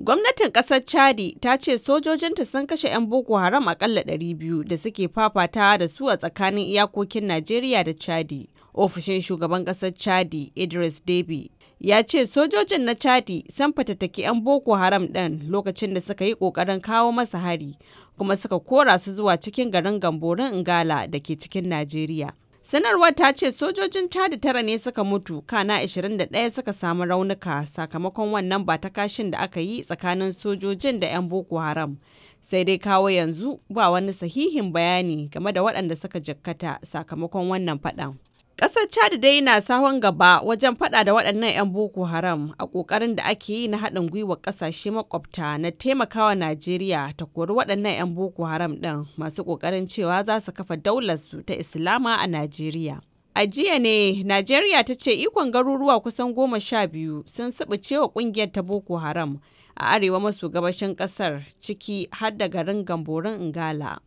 Gwamnatin ƙasar Chadi ta ce sojojinta sun kashe 'yan Boko Haram akalla 200 da suke fafata da su a tsakanin iyakokin Najeriya da Chadi. Ofishin shugaban ƙasar Chadi Idris Deby ya ce sojojin na Chadi sun fatattaki 'yan Boko Haram ɗin lokacin da suka yi ƙoƙarin kawo masa hari kuma suka kora su zuwa cikin garin Gamborin Ingala, da ke cikin Najeriya. sanarwar ta ce sojojin chad tara ne suka mutu kana 21 suka samu raunuka sakamakon wannan ba ta kashin da aka yi tsakanin sojojin da 'yan boko haram sai dai kawo yanzu ba wani sahihin bayani game da waɗanda suka jikkata sakamakon wannan faɗan. Ƙasar Chad dai na sahon gaba wajen fada da waɗannan 'yan Boko Haram a ƙoƙarin da ake yi na haɗin gwiwa ƙasashe makwabta na taimakawa Najeriya ta kori waɗannan 'yan Boko Haram ɗin masu ƙoƙarin cewa za su kafa daularsu ta Islama a Najeriya. A jiya ne, Najeriya ta ce ikon garuruwa kusan goma sha biyu sun subuce wa ƙungiyar ta Boko Haram a arewa maso gabashin ƙasar ciki har da garin Gamborin Ingala.